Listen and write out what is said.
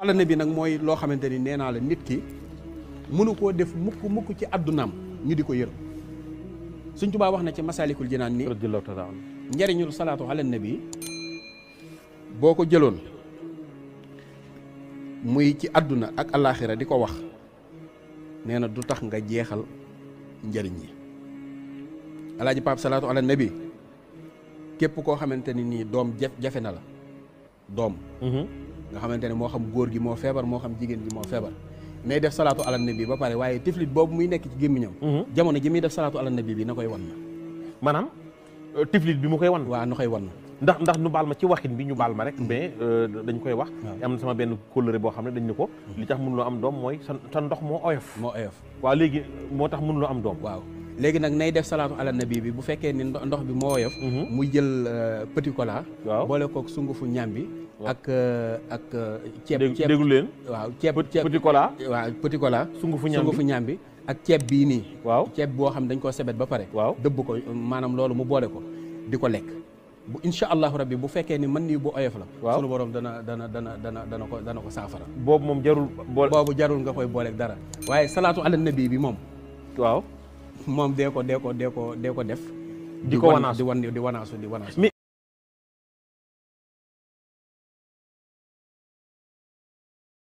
àllana nabi nag mooy loo xamante ni nee naa la nit ki mënu koo def mukk mukk ci addunaam ñu di ko yërëm suñ tubaa wax na ci masalikul jinaan ni njëriñul salaatu ala bi boo ko jëloon muy ci àdduna ak alaxira di ko wax nee na du tax nga jeexal njëriñ yi alaaji paap salaatu ala nabi képp koo xamante ni nii doom jafe na la doom mm-hmm. nga xamante ne moo xam góor gi moo feebar moo xam jigéen gi moo feebar mais def salaatu ala nabi ba pare waaye tiflit boobu muy nekk ci gémmiñam mhm. jamono ji muy def salaatu ala nabi bi na koy wan na maanaam euh, tiflit bi mu koy wan waaw na koy wan na ndax ndax nu baal ma ci waxin bi ñu baal ma rek mhm. mais euh, dañ koy wax am na sama benn kóllëre boo xam ne dañ ne ko mhm. li tax loo am doom mooy sa sa ndox moo oyof moo oyof waa léegi moo tax mënuloo am doom waaw léegi nag nay def salaatu ala nabi bi bu fekkee ni ndox bi moo woyof mhm. mu jël euh, petit cola boole kook sungufu ñam bi ak euh, ak euh, ceeb ceeb déglu leen waaw ceeb petit cola waaw petit cola sungufu ñam bi sungufu ñam bi ak ceeb bii nii waaw ceeb boo xam dañ koo sebet ba pare waaw dëbb ko maanaam loolu mu boole ko di ko lekk bu incha allahu bi bu fekkee ni mën nii bu oyof la. waaw sunu borom dana dana dana dana dana ko dana ko saafara. boobu moom jarul boole boobu jarul nga koy booleeg dara. waaye salaatu ala nabi bi moom. waaw moom dee ko dee ko dee ko dee ko def. di ko wanaasu di wan di wanaasu di wanaasu.